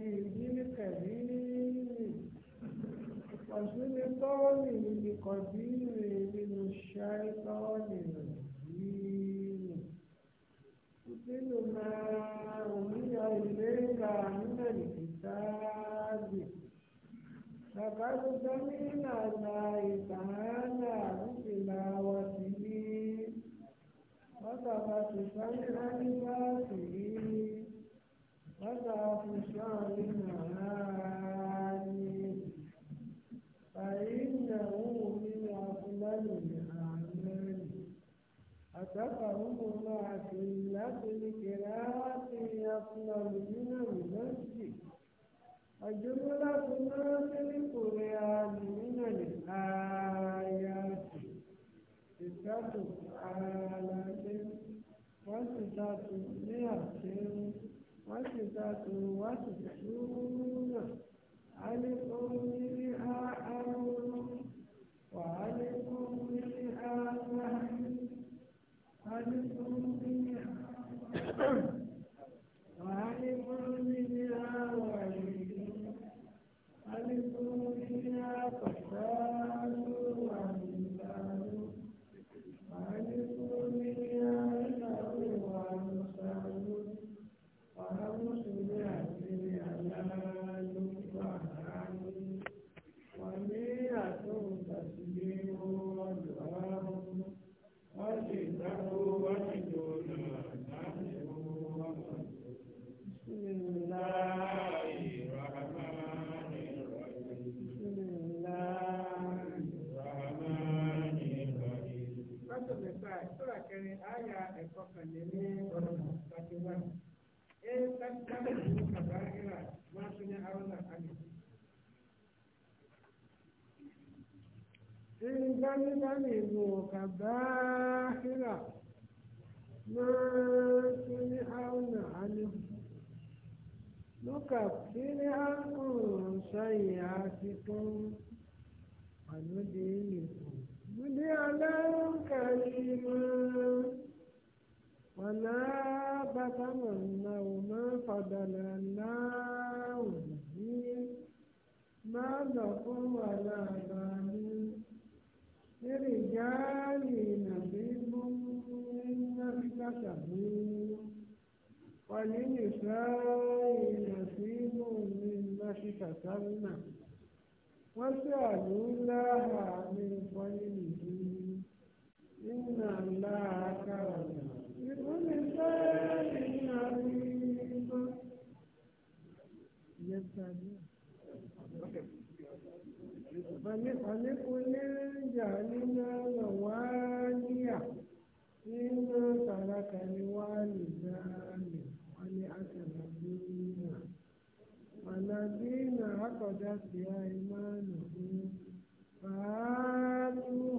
بيدي كريم وسلطان بقدير من الشيطان الرجيم كل ما أمي إليك من الكتاب لقد سمعنا الله تعالى بتلاوته وثبت سمع لفاته غدا في عالي فإنه من أفضل الأعمال أتفهم ما قلة القراءة أفضل من المسجد وجملة ما في القرآن من الآيات ستة آلاف وستة مئة وصفاته وتسعون ألف منها أمر وألف منها نهي ألف ìgbàlígbàlì ìlú kàbáhìrà máa tún ní àrùnà àlẹ́ lókà tí ní àrùn ṣáyé àti tó àlódé ìlẹ̀kùn. Bùdí aláwọ̀ kàrí máa wàlá bàtà màmá ò fàdàlà láàrùn máa lọ wàlá àbáyé lírìjáàlì nàbí gbogbo náfíkàtà mú wàlí nìsáàlì nàbí gbogbo náfíkàtà nà wọ́n sì àlùláhà ní ìfọ́nìlì yìí nínú àlá àkàrà náà. ولكل جعلنا مواليا مما ترك لوالدان ولأقربين والذين عقدت بأيمانهم فآتوهم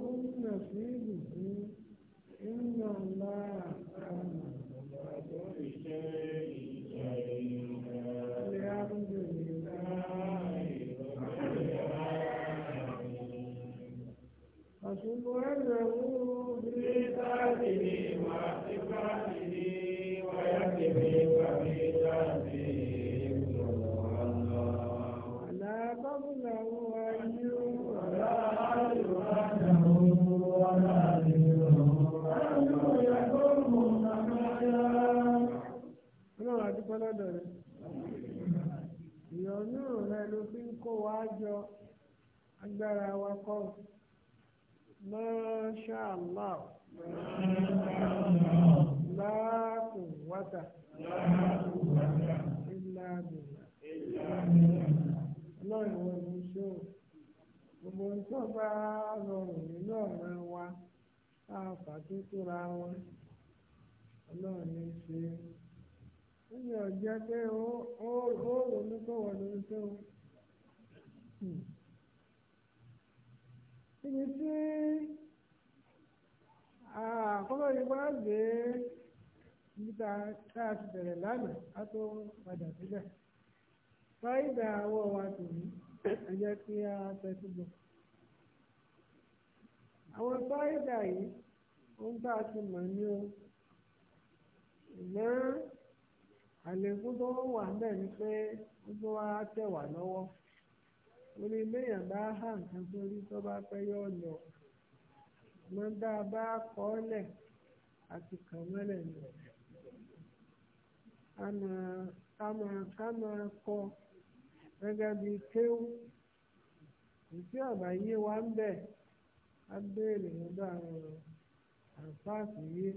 agbára wa kọ́ Masha ṣó gbogbo bá rọrùn nínú wa wọn ọlọ́run ní ṣe ó ní ọ̀jẹ́ pé ó ronú tó lórí tó. ibi tí àkókò yìí bá gbé ibi tá a ti bẹ̀rẹ̀ lánàá a tó padà sílẹ̀ fáìdà àwọ̀ wa tòní ẹ jẹ́ kí a tẹ́tí àwọn fáìdà yìí ohun tá a ti mọ̀ ní o àlékún tó wà pé ó tó wá lọ́wọ́. ó ní méèyàn bá há nǹkan sórí tó bá pẹ́ yọ lọ kọọ lẹ a bá kọ́ ọ́ lẹ̀ àti kàn kọ gẹ́gẹ́ bíi kéwú ìtí ọ̀bà yé wa ń bẹ̀ á béèrè lọ́dọ̀ àwọn àǹfààní yé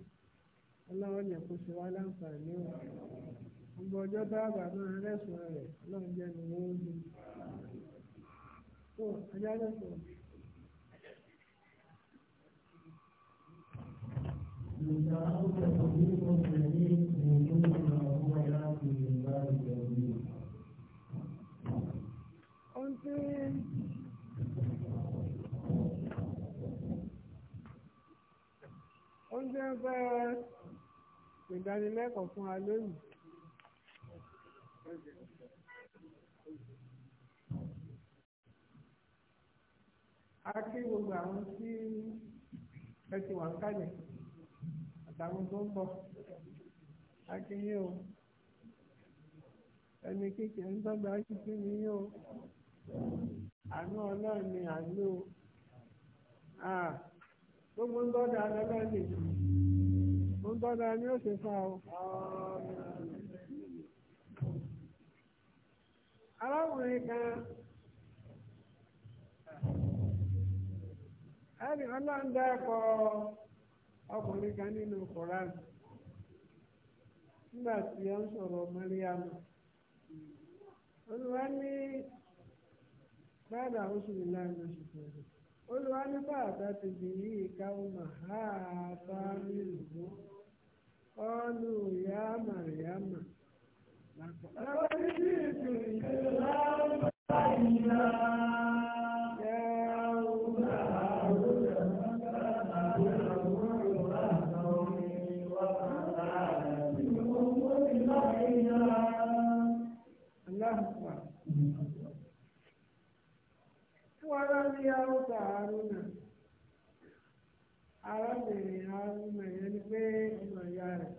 ọlọ́run yẹn kó ṣe wá láǹfààní o gbogbo ọjọ́ bá bàbá Ohun tí fẹ́ ìdánilẹ́kọ̀ọ́ fún wa akí gbogbo àwọn tí ẹ ti wà ń kálẹ̀ àtàwọn tó ń bọ̀ akí yín o ẹni kékeré ń dọ́gba títí ní yín o àánú ọlọ́run ni àánú o gbogbo ń dọ́dà ni ó ń ni ó ṣe o. arákùnrin kan. ẹni ọlọ́run dẹ́kọ̀ ọkùnrin kan nínú koran nígbà tí ó ń sọ̀rọ̀ mẹ́ríàmù olùwà ní báyìí àwọn oṣù nílá olùwà ní ti nílùú wọ́n ní haúsá haruna arábìnrin haruna yẹn ni pé ọmọ ìyá rẹ̀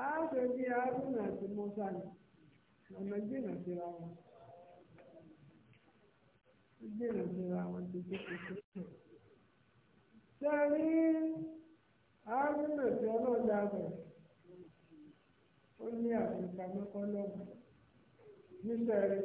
á ṣe bí haruna àti musa ni ọ̀nà jìnnà síra wọn jìnnà síra wọn ti tó kókó. sẹ́ni haruna tí ọlọ́dà bẹ̀ ó ní àfikà mọ́kànlọ́wọ́ níṣẹ́ rẹ̀.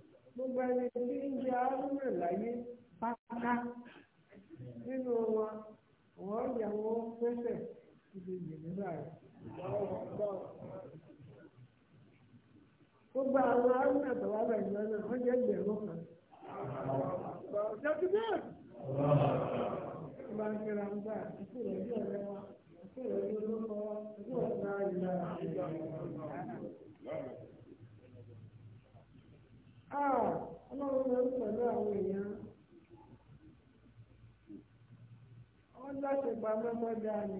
gbogbo ẹni tí ń jẹ arúgbó láyé pátá nínú wọn wọn yà wọn pẹsẹ ibi ìgbìmọ̀ rẹ̀. gbogbo àwọn arúgbó àtàwọn àgbàjọ náà wọn jẹ ẹgbẹ̀rún kan. jọ́sí náà. ìbá ń kíra ń bá àti ìrẹ̀lẹ̀ ọ̀rẹ́ wa àti ìrẹ̀lẹ̀ olóko wa. ọlọ́run máa ń pẹ̀lú àwọn èèyàn wọ́n láṣepà mọ́mọ́ dáa ni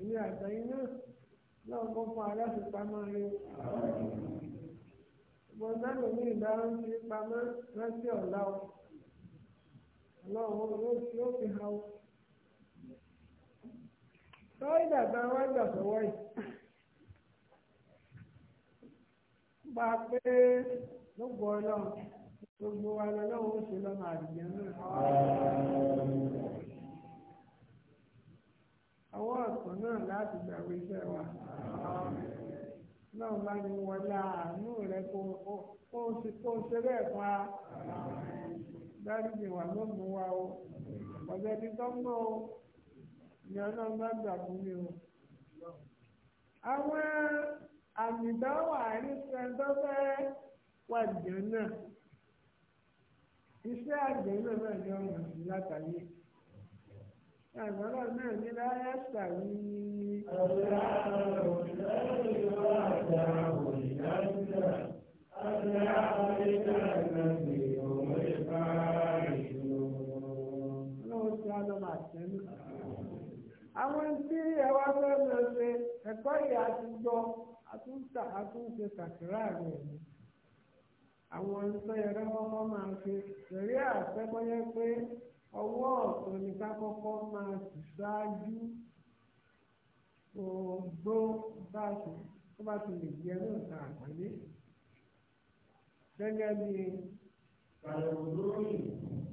èmi àtẹ̀yìn náà náà kọ́ fún aláṣepamọ́ rẹ ṣùgbọ́n sáàmù ní ìdáhùn ti pamọ́ rántí ọ̀la o ọlọ́run yóò fi ha o. sọ́yìn dàgbà wá gbà sọ́wọ́ yìí. Bàbá pé ló gbọ́ ọlọ́run gbogbo wa lọ́wọ́ ó ṣe lọ́nà àdìyẹ náà. ọwọ́ ọ̀sán náà láti gbàgbé iṣẹ́ wa náà bá ní wọlé àánú rẹ kó o ṣe bẹ́ẹ̀ fún wa dáríjì wà ló mú wa o ọ̀sẹ̀ tí tó o ni ọlọ́run bá gbà fún mi o. àwọn àmì dáwà àrísẹ́ tó fẹ́ wà jẹ́ náà iṣẹ́ àgbẹ̀ náà náà ni ọmọ sí látàyè àgbọ̀rọ̀ náà ní láyé sàrí ní. ọ̀la ọ̀la ìwà àgbà òyìnbá nígbà ọ̀la ọ̀la ìgbà ní òun ìfà ìlú. ọlọ́run ti wá lọ́mọ àtẹ́nu. àwọn tí ẹ wá fẹ́ lọ ṣe ẹ̀kọ́ ìyá àtijọ́ àtúntà àtúnṣe kàkírà rẹ̀ ni àwọn nǹkan ẹ̀rọ kọ́kọ́ máa ṣe ṣẹ̀rí àfẹ́kọ́yẹ́ pé ọwọ́ ọ̀tún ni ká kọ́kọ́ máa sì ṣáájú gbogbo bá a ti lè jẹ́ náà ta àpàdé gẹ́gẹ́ bí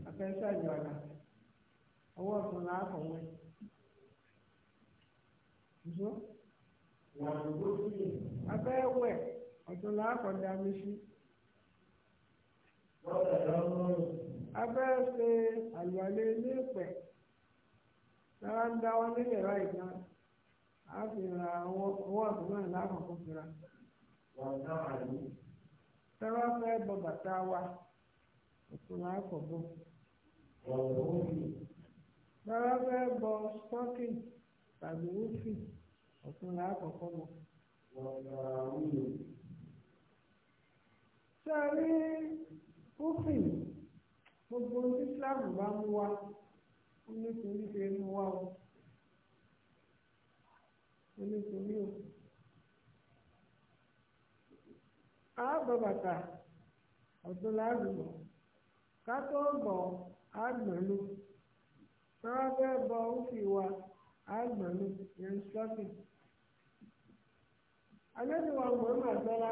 afẹ́sẹ̀ àjọyọ̀ ọwọ́ ọ̀tún là á kọ̀wé. Afẹ́ wẹ̀ ọ̀tún là á kọ̀ dá mi sí. abẹ́ ṣe àlùwalẹ̀ ní ìpẹ́ lára ń dáwọ́ nílẹ̀ báyìí náà á fi ra owó àbúrò lákòókò fira. tẹ́wọ́ fẹ́ bọ bàtà wa òkúra àkọ́bọ̀. tẹ́wọ́ fẹ́ bọ stocking tàbí wúfì ó sì ní gbogbo tí Islam bá mú wa ó ní kí ní ṣe mú wa o ó ní kí ní o. a bọ bàtà ọ̀tún láàrúbọ̀ ká tó bọ̀ á gbọ̀nú tọ́wọ́ fẹ́ bọ òfì wa á gbọ̀nú yẹn sọ́kì. alẹ́ ni wàá mọ̀ ọ́n àtọ́lá.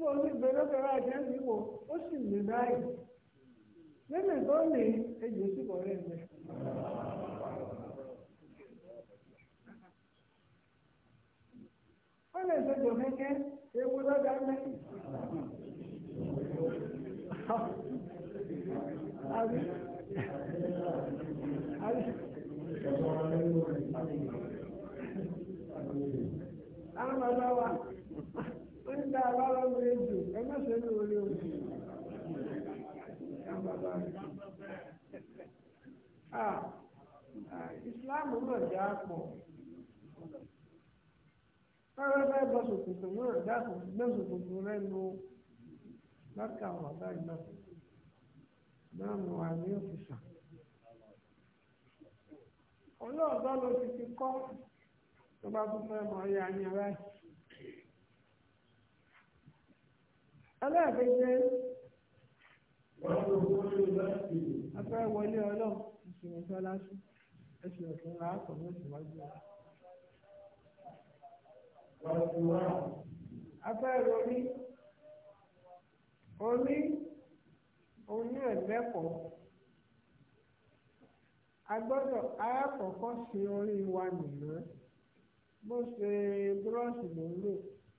mo ní gbẹdọ́gbẹ bá jẹ́ nípò ó sì lè báyìí nínú tó ní ejò sí kọ̀ọ̀rẹ́ mi. ó lè sọjọ kẹkẹ ewu lọ́dà mẹ́. àbí ní ta àbára ọmọ ejò ẹ má ṣe ní orí omi. Ìsìláàmù náà já pọ̀. Ọ̀rọ̀ bẹ́ẹ̀ bọ́ sòkòtò náà dáàbò gbé sòkòtò lẹ́nu láti àwọn ọ̀gá ìgbà. Náà mo wà ní òfìsà. Olóòótọ́ ló ti fi kọ́ tó bá tún fẹ́ mọ ẹ̀yà ni ẹ̀ aláàbẹ̀jẹ́ afẹ́ wọlé ọlọ́run ìṣòro tó lásù ẹ̀sìn ọ̀tún ra àpò ní ìṣèwájú rẹ̀. afẹ́ romi omi oní ẹ̀lẹ́kọ̀ọ́ a gbọ́dọ̀ alákọ̀ọ́kọ́ sí orí wa nìyẹn bó ṣe búrọ́ọ̀ṣì ló ń lò.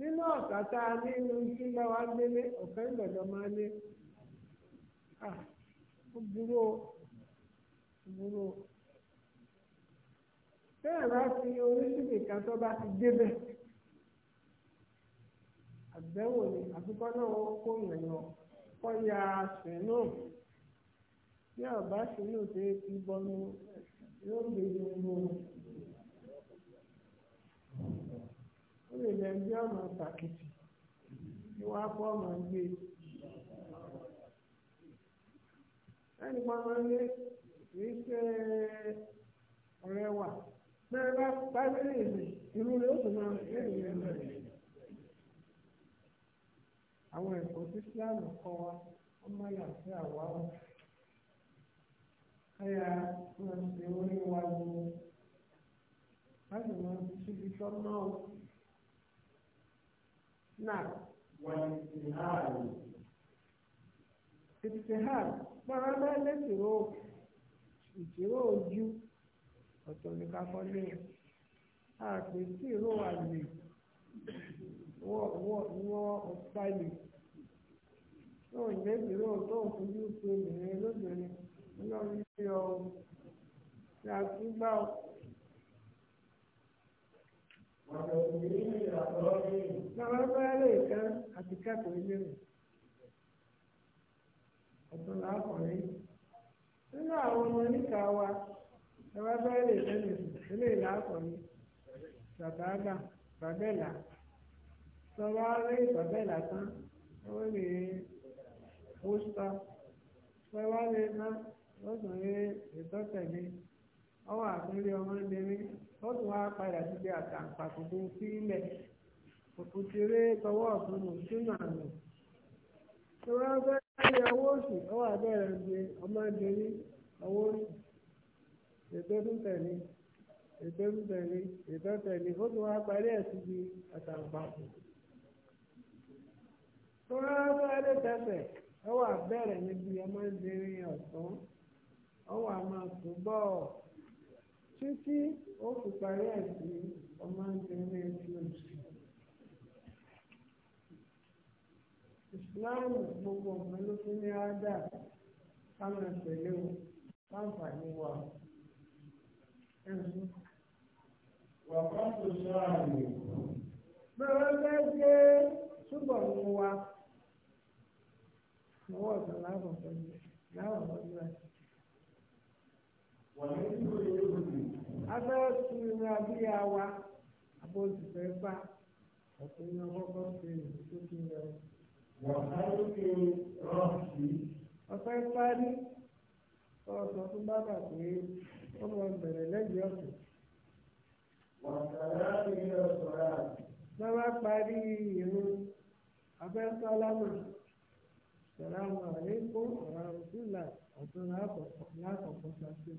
nínú ọ̀sà tá a ní inú tí bá wa gbélé ọ̀fẹ́ gbọ̀dọ̀ máa lé ó burú ó burú ó bẹ́ẹ̀ bá fi oríṣiríṣi kan tó bá ti débẹ̀ àbẹ̀wò ni àfikọ́ náà wọ́n kó ìrìnà kọ́ ya sínú bí ọ̀bá sínú tó ti bọ́nu yóò gbé ní gbòòrò. ọ ga lẹ ẹgbẹ́ ọ̀nà pàkìtì tí wọ́n á fọ́ ọmọ gbé ẹnì rewa kì í ezi iruru otu na bá bábílì ìsìn irú rẹ̀ ó sì máa rìn lẹ́yìn rẹ̀ àwọn ẹ̀kọ́ tí iwa kọ́ wa wọ́n má yà sí àwa náà wàlìsìhàrù ìsìhàrù máa máa lẹ́sìrò ìṣirò ojú ọ̀tọ̀ ní káfọ́lé àpè sí ìró àlè wọ́n ọ̀páìlì tó ń lẹ́sìrò tó ń fojú pé obìnrin lóbìnrin ọlọ́run ní ọ ṣàtúgbà. Wàlẹ̀ òbí náà wọ́n fẹ́ lè kán àti kẹ́kọ̀ọ́ ilé rẹ̀ ọ̀tún làákùnrin nínú àwọn ọmọ oníkà wa ẹ wá fẹ́ lè kán ilé làákùnrin sàbáàbà bàbẹ́là sọ̀rọ̀ àárẹ̀ bàbẹ́là tán wọ́n lè wọ́sítà sọ̀rọ̀ àárẹ̀ náà wọ́n sàn lè ìtọ́tẹ̀lé. ọwọ́ àpẹẹrẹ ọmọbìnrin ó tún wá padà síbi àtàǹpàkò tó ń sílẹ̀ òkùtìrẹ́ tọwọ́ ọ̀tún sínú àná tí wọ́n fẹ́ ṣe ọwọ́ òsì ọwọ́ àbẹ̀rẹ̀ ń ọmọbìnrin ọwọ́ òsì ètò tún tẹ̀lé ètò tún tẹ̀lé ètò tẹ̀lé ó tún parí ẹ̀ síbi tí wọ́n fẹ́ tẹ̀sẹ̀ ọwọ́ níbi ọmọbìnrin o ó fi ọma àìsí ọmọ ẹgbẹ́ ẹgbẹ́ islam gbogbo nǹkan ló fi ní ádà káwọn ẹ̀pẹ̀lẹ́ wa ẹ̀sùn. wàhálà tó sọ àmì. bẹ́ẹ̀ bẹ́ẹ̀ gbé afẹ́ tu irun abíyá wa abó ti fẹ́ bá ọkùnrin ọkọ̀ọ̀kọ̀ ṣe ìdókè rẹ̀. wàhálùkè rọ̀ọ̀sì. ọ̀fẹ́ parí ọ̀sán fún bàbá pé ó mọ bẹ̀rẹ̀ lẹ́yìn ọ̀sẹ̀. wàhálà ni ọ̀sán rà. bàbá parí irun afẹ́ sálámà sàlámù àlékún ọ̀rọ̀ àrùsílà ọ̀tún lákọ̀ọ́kọ́ ṣáṣẹ́.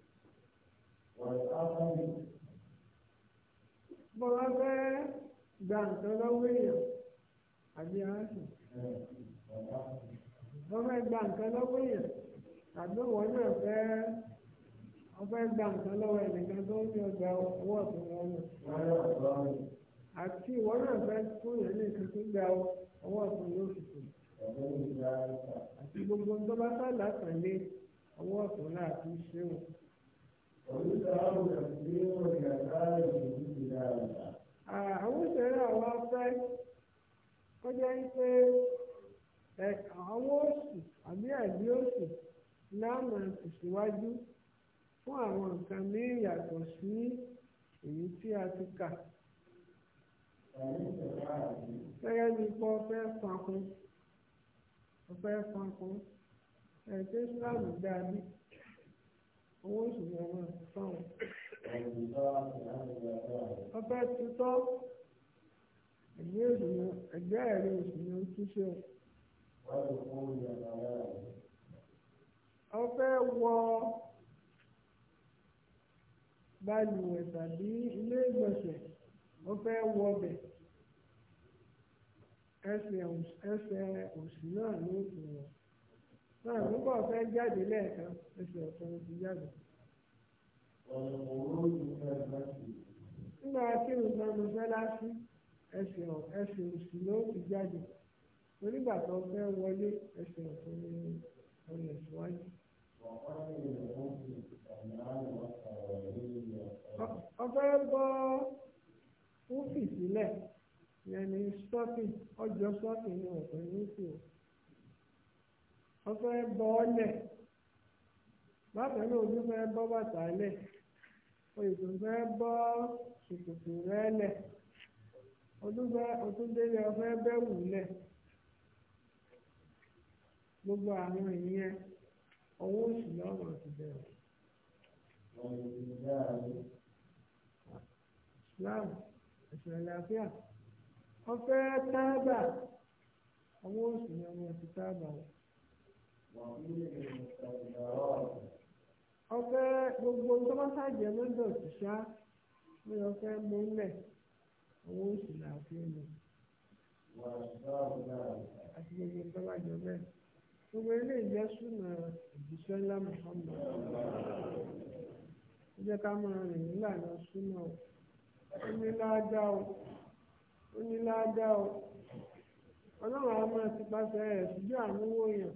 bó bá fẹ́ gba nǹkan lọ́wọ́ èèyàn àbí aráàlú bó fẹ́ gba nǹkan lọ́wọ́ èèyàn tàbí òwò náà fẹ́ ọfẹ́ gba nǹkan lọ́wọ́ ẹnìkan tó ń ní ọgbà owó ọ̀tún lọ́wọ́ àti ìwọ náà fẹ́ fún yẹn ní gba owó ọ̀tún yóò fi kù àti gbogbo ń tó bá fẹ́ látàlé owó ọ̀tún láti ṣe òkú. àwọn òṣèré àwọn afẹ́ kọjá pé àwọn òṣì àbí àbí òṣì láàmà tẹ̀síwájú fún àwọn nǹkan ní ìyàtọ̀ sí èyí tí a ti kà. gẹ́gẹ́ bí pé ọfẹ́ fankun ọfẹ́ fankun ẹ̀ tí Islam dáa bíi owó oṣù yẹn wọn fáwọn. ọbẹ̀ tuntun ẹgbẹ́ oṣù yẹn ẹgbẹ́ ẹ̀rẹ́ oṣù yẹn ń túṣe. ọbẹ̀ wọ balùwẹ̀ tàbí ilé ìgbọ̀nsẹ̀ ọbẹ̀ wọ ọbẹ̀ ẹsẹ̀ òsì náà ní ìpínlẹ̀ náà nígbà fẹ́ jáde lẹ́ẹ̀kan ẹsẹ̀ ọ̀tún ló ti jáde. nígbà tí nǹkan ló fẹ́ lásì ẹsẹ̀ ẹsẹ̀ òsì ló ti jáde onígbà tó fẹ́ wọlé ẹsẹ̀ ọ̀tún ní ọ̀nà ìsíwájú. ọ̀fẹ́ bọ́ fúfì sílẹ̀ yẹn ni sọ́ọ̀tì ọjọ́ sọ́ọ̀tì ni ọ̀pẹ̀ ní ìsìn. wọ́n fẹ́ bọ́ ọ lẹ̀ bákan náà ojú fẹ́ bọ́ bàtà lẹ̀ fẹ́ bọ́ rẹ lẹ̀ ọfẹ́ bẹ́ lẹ̀ gbogbo àwọn ìyẹn owó oṣù lọ́wọ́ ti bẹ̀rẹ̀. Islam àlàáfíà ọfẹ́ owó oṣù lọ́wọ́ ti ọ̀fẹ́ gbogbo tó bá ṣàjẹ́ mọ́tò ṣiṣá ní ọ̀fẹ́ mú lẹ̀ owó oṣù làáfi lò àti gbogbo tó bá jọ bẹ́ẹ̀ gbogbo ilé ìjẹ́sùnà ìjíṣẹ́ ńlá Muhammad ó jẹ́ ká máa rìn nílànà súnà o ó ní láájá o ó ní láájá o ọlọ́run àwọn máa ti pàṣẹ ẹ̀ síjú àmúwò yàn.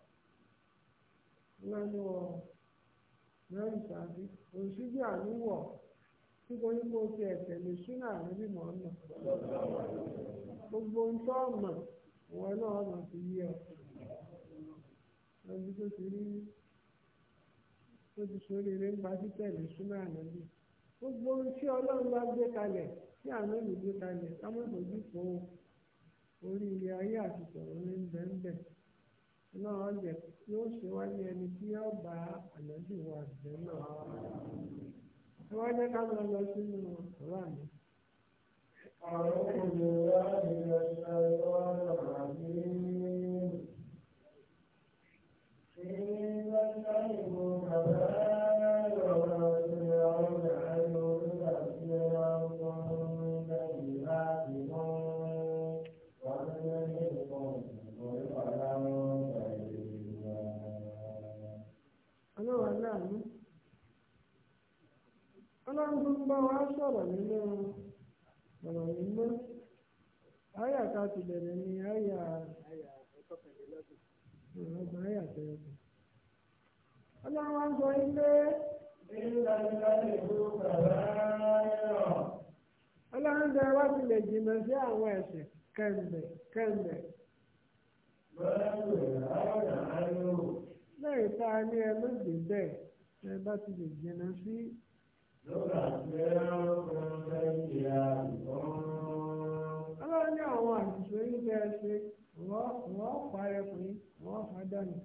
lẹ́nu lẹ́yìn sáájú òṣìṣẹ́ àníwọ̀ nítorí pé o ti ẹ̀sẹ̀ lè ṣúná àrẹ́bí mọ́ ọ̀nà gbogbo ń tọ́ ọ̀mọ̀ náà ọ̀nà ti yí ọ ẹni tó ti rí tó ti sóríire ń gba títẹ̀lé ṣúná àrẹ́bí gbogbo tí ọlọ́run bá gbé kalẹ̀ tí àrẹ́bí gbé kalẹ̀ ká mọ̀ lójú fún orí ilé ayé àti tọ̀rọ̀ ní bẹ́ẹ̀ bẹ́ẹ̀ náà lè yóò ṣe wá ní ẹni tí yóò bá ànábì wà jẹ náà ẹ wá jẹ ká máa lọ sínú ọ̀rọ̀ àwọn ọmọ mi wá ní ọ̀sán ìwọ́n sọ̀rọ̀ nínú ọ̀rọ̀ yìí mọ́ àyà ká ti bẹ̀rẹ̀ ní àyà ọgbọ̀n àyà tẹ̀lé. ọlọ́run sọ ilé. ọlọ́run sọ wá ti lè jìnnà sí àwọn ẹ̀ṣẹ̀ kẹ́ńbẹ̀ kẹ́ńbẹ̀. lẹ́yìn tá a ní ẹ lóde bẹ́ẹ̀ ẹ ebe ti lè jìnnà ọlọ́run ní àwọn àṣìṣe oníṣẹ́ ṣe wọ́n pa ẹkùnrin wọ́n fa dànù.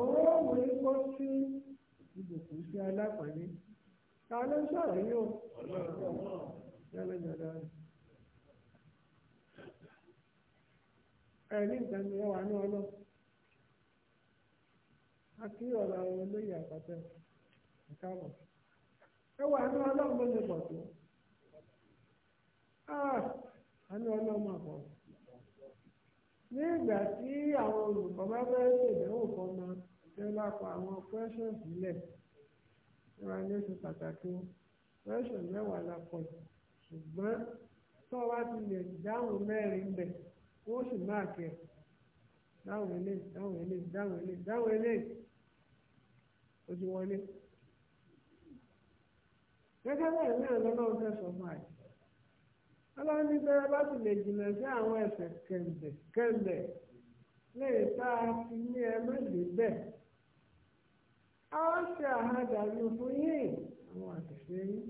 owó òun ni kó sí ibùkún sí alápàdé ta ló sọ̀rọ̀ yìí o jẹ́lẹ́jọ́dá ẹ̀ ní nǹkan ni ẹ wà ní ọlọ́run àti ọ̀rọ̀ àwọn olóyè àpàtẹ ìkáàbọ̀ ẹ wà ní ọlọ́run ló lè pọ̀ tó àánú ah, ọlọ́run àpọ̀ ní ìgbà tí àwọn olùkọ́ bá fẹ́ ṣèdánwò kan mọ tí wọ́n bá pa àwọn pẹ́ṣọ̀ sílẹ̀ ìwà ní oṣù pàtàkì pẹ́ṣọ̀ mẹ́wàá la pọ̀ ṣùgbọ́n tó wá ti lè dáhùn mẹ́rin bẹ̀ wọ́n máa kẹ́ dáhùn eléyìí dáhùn eléyìí dáhùn eléyìí dáhùn eléyìí ó ti wọlé. gẹ́gẹ́ bẹ́ẹ̀ náà lọ́nà ọ̀fẹ́ sọ fún àyè. ọlọ́run ní bẹ́ẹ̀ bá sì lè jìnnà sí àwọn ẹ̀ṣẹ̀ kẹ̀ǹbẹ̀ kẹ̀ǹbẹ̀ lè tá a ti ní ẹ mẹ́lẹ̀ bẹ́ẹ̀. a ó ṣe àhàdàlù fún yín àwọn àtẹ̀sẹ̀ yín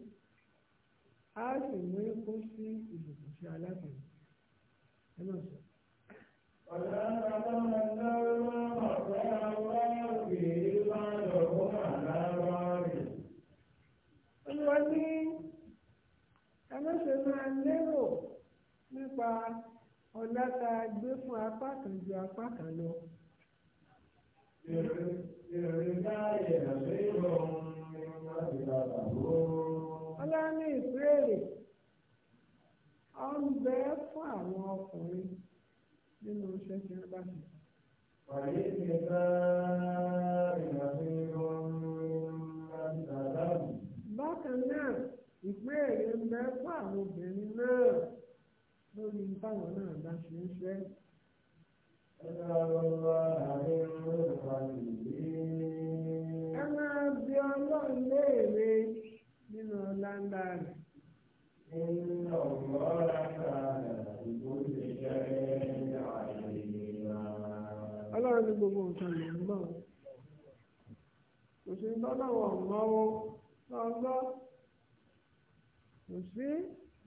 a ó sì mú ikú sí ìbùkún sí alákùnrin ẹ náà sọ. ọ̀la ọ̀la ọ̀la ọ̀la ọ̀la. ẹ má ṣe máa lérò nípa ọ̀nà tá a gbé fún apá kan ju apá kan lọ. ọlá ní ìbéèrè ọ ń bẹ fún àwọn ọkùnrin nínú iṣẹ́ tí wọ́n bá ṣe. Wàyé ti bá ìrìnàjò ìrọ̀rùn àti Bákan náà, ìbéèrè bẹ fún àwọn obìnrin náà lórí táwọn náà bá ṣe ń fẹ́. ẹ máa bí ọlọ́run léèrè nínú ọlá ńlá rẹ̀. Ọlọ́run ní gbogbo nǹkan ló ń gbọ́. Kò sí lọ́lọ́wọ́ kò sí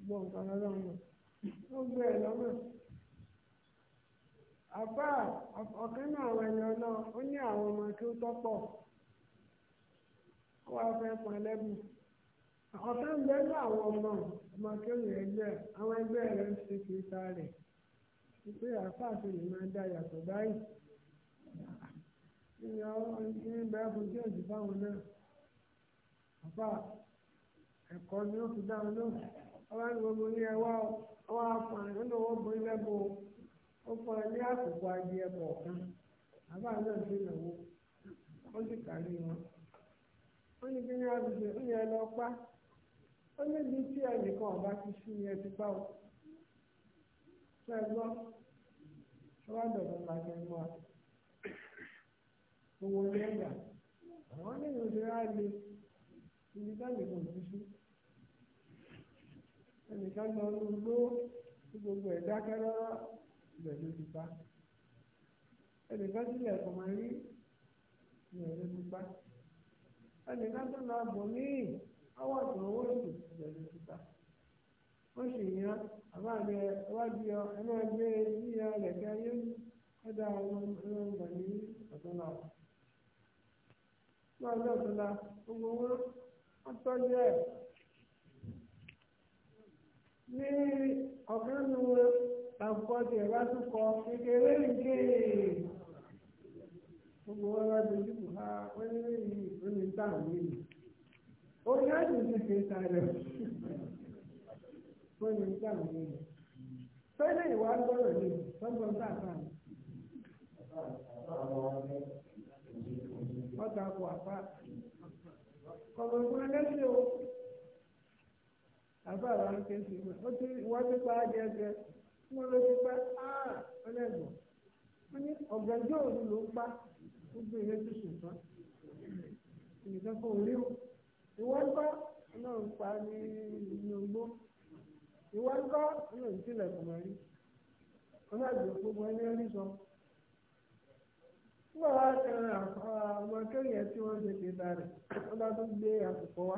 gbọ̀ǹkan lọ́wọ́ ó gbé ẹ̀ lọ́wọ́ a ọ̀kan náà àwọn ẹni ọlọ́run ó ní àwọn ọmọ kí ó tọ́pọ̀ ó fẹ́ pọn àwọn ọmọ ọmọ kí ẹgbẹ́ àwọn ẹgbẹ́ rẹ̀ ń ṣe kì ta rẹ̀ pé máa dá yàtọ̀ báyìí fún ẹ̀kọ́ ni ó fi dá wọn lóhùn ní gbogbo ní ẹwà ọwọ́ afọ̀nrin nínú owó borí lẹ́bù ó fọ ẹ ní àkókò adìẹ ó sì wọn ó ní kí ní ó yẹ lọ pa ó tí ẹnìkan ọba ti sí ni ẹ ti pa o sọ ẹ gbọ́ ọba dọ̀dọ̀ pàṣẹ mọ́ a owó ní àwọn ẹnìkan lọ ní igbó tí gbogbo ẹ̀ dákẹ́ rárá ibẹ̀ ló ti bá ẹnìkan sílẹ̀ kò máa rí ibẹ̀ ló ti bá ẹnìkan tó lọ bò ní ọwọ́ tó owó ètò ibẹ̀ ló ti bá ó sì yan àbáàdé wájú ọ ẹ máa gbé yíya lẹ̀kẹ́ ayé ọ̀dà àwọn ọmọ ní ọ̀tọ́lá lọ́dọ̀ ọ̀tọ́lá gbogbo wọn wọ́n tọ́jú ẹ̀ ní ọ̀kan nu àǹkọ́tì kékeré nìké gbogbo wọn bá ha wọ́n ní lẹ́yìn ìpínlẹ̀ táwọn yìí ó ní àjòjì ṣe sáré wọ́n ní táwọn yìí fẹ́lẹ̀ ìwà gbọ́dọ̀ ni sọ́gbọ́n tá a ní. wọ́n ta kò àpá kọ̀ọ̀kan lẹ́sẹ̀ o àbára ń ké sí i ó ti wọ́n ti pa á jẹ́jẹ́ wọ́n ló ti pa á ọlẹ́gbọ̀n wọ́n ní ọ̀gànjọ́ òru ló ń pa gbogbo ìyẹn ti sùn tán nìkan kò rí o ìwọ ń kọ́ ọlọ́run pa ní inú igbó ń kọ́ ọlọ́run sílẹ̀ kò mọ̀ rí ọlọ́run gbogbo ẹni rí sọ. nígbà wá kẹrin ọmọ akẹ́yìn tí wọ́n ṣe kéta rẹ̀ wọ́n bá tún gbé àkùkọ wá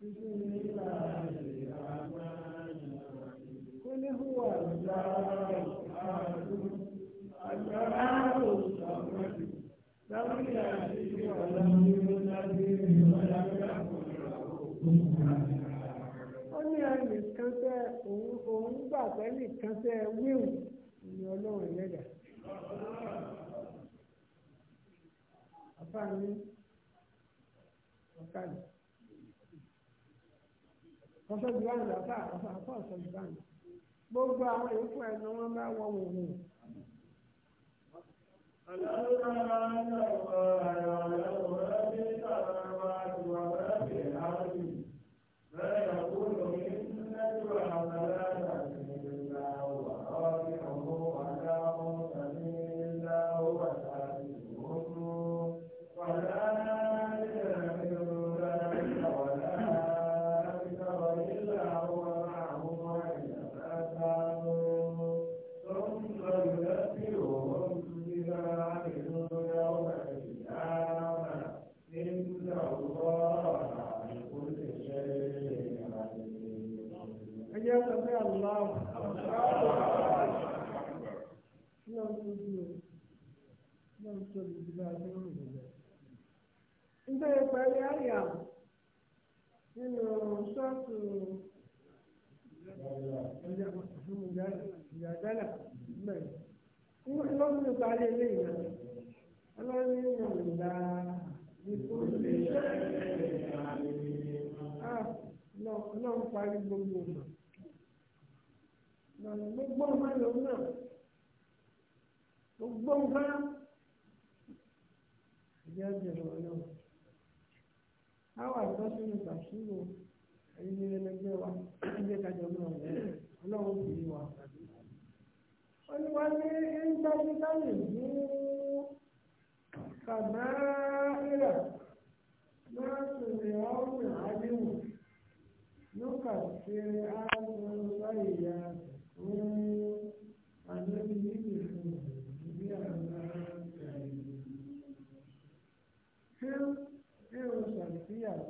قل هو الله أحد الله الصمد ó ní ẹnìkan tẹ òun òun gbà pé ẹnìkan tẹ wíwù ní ọlọ́run ẹlẹ́dàá àbá mi ọ̀kadì. ọ̀sẹ̀ ìbáyìí làbá àkọ́sà àkọ́ ọ̀sẹ̀ ìbáyìí gbogbo àwọn èèkù ẹni wọn bá wọ wò wò. Àlọ́ sọ́ọ̀tù ọjà ìyàgánà mẹ́rin. Wọ́n ló ń lò parí ilé ìyá. Ọlọ́run ní ìyàgbá ikú ah, lè ṣe ọlọ́run parí gbogbo ọ̀nà. Lọ́nà gbogbo ọmọ lòun náà. Gbogbo nǹkan. Ìjẹ́ ìjẹ̀rọ̀ ọlọ́run. How I got in the ẹni ní ẹlẹgbẹ́ wa ẹgbẹ́ kájọ náà ọlọ́run kò yí wa. olúwa ní ń dájú dáhùn ní kàmáírà máa tún ní ọ̀hún àdéhùn lókà sí àwọn báyìí fún ànábi yìí fún ìdí àwọn àgbà yìí. ṣé èrò ṣàfihàn.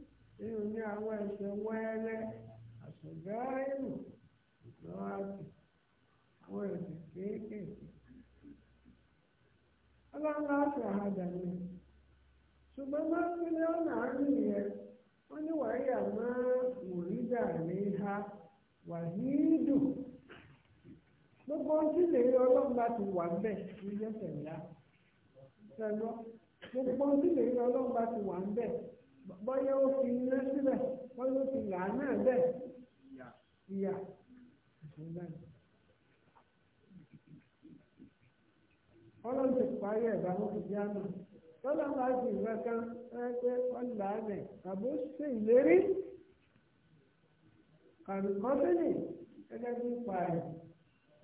nínú ní àwọn ese wẹ́ẹ́rẹ́ àṣẹ̀gáẹ́rù ìtọ́wájú àwọn ẹ̀ṣẹ̀ kéékèèké. ọlọ́run á fi àhàdà mi ṣùgbọ́n máa ń ọ na àárín ihe onye ní wàhíà ma wòrídà ní ha wàhídù gbogbo ojú na rí ọlọ́run ti gbogbo ti bọ́yá ó fi iná sílẹ̀ bọ́yá ó fi làá náà bẹ́ẹ̀ ìyà ọlọ́run ti parí ẹ̀dá wọn fi jáàmù tọ́lá bá ti ìgbà kan pé ọ̀là rẹ̀ tàbí ó ṣe ìlérí kàrùkọ́bìnì gẹ́gẹ́ bí ipa rẹ̀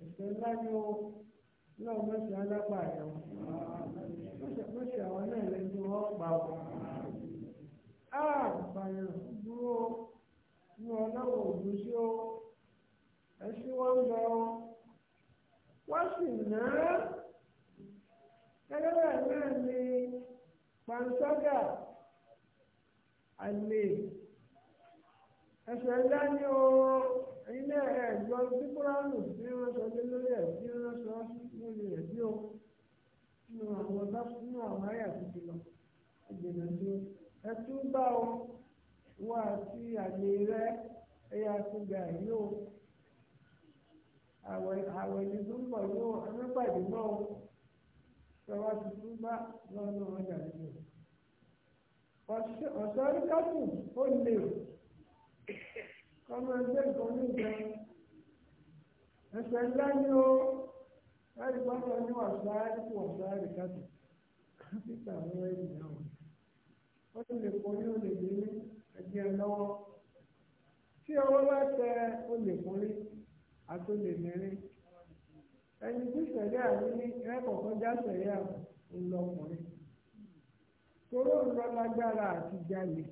ìṣẹ́ ńlá ni ó lọ́wọ́ mọ́ṣẹ́ alápá rẹ̀ wọ́n ṣe àwọn náà lẹ́nu wọ́n pa wọn àbàyàn ah, dúró ní ọlọ́wọ́ òdu sí ó ẹsí wọn lọ wọ́n sì ná gẹ́gẹ́ náà ni pàǹtọ́gà àlè ẹsẹ̀ ńlá ni o ẹ̀yin náà ẹ̀ gbọ́ sí kúránù bí wọ́n sọ lé lórí ẹ̀ bí wọ́n sọ lórí ẹ̀ bí o nínú àwọn ayà tuntun lọ ìgbìmọ̀ tó ẹtú bá o wọn àti àyè rẹ ẹyà tó ga yìí o àwẹ̀ àwẹ̀ ní tó ń bọ̀ yìí o ẹgbẹ́pàdé náà o sọ̀rọ̀ tuntun bá lọ́nà ọjà yìí o ọ̀sọ́rí kápù ó lè ọmọ ẹgbẹ́ nǹkan ní ìjọ ẹsẹ̀ ńlá ni ó láti gbọ́dọ̀ ní wàsá ẹ̀kú wàsá ẹ̀ká tó títà àwọn ẹ̀yìn náà ó tún lè fún yóò lè ní ẹgbẹ́ lọ́wọ́ tí ọwọ́ bá tẹ olè fúnrí àti olè mẹ́rin ẹni tí sẹ̀dá ní ẹ̀kọ̀ọ̀kan já sẹ̀yà ńlọkùnrin toró ńlọ lágbára àti jalè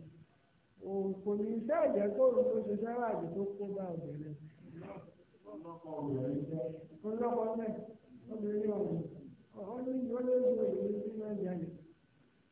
òkò ní iṣẹ́ ẹ̀jẹ̀ tó ń tó ṣe sára àjò tó kó bá obìnrin ọlọ́kọ̀ mẹ́ obìnrin ọ̀hún ó ní ìyọ́lẹ́gbẹ̀ẹ́ ìrísí náà jalè.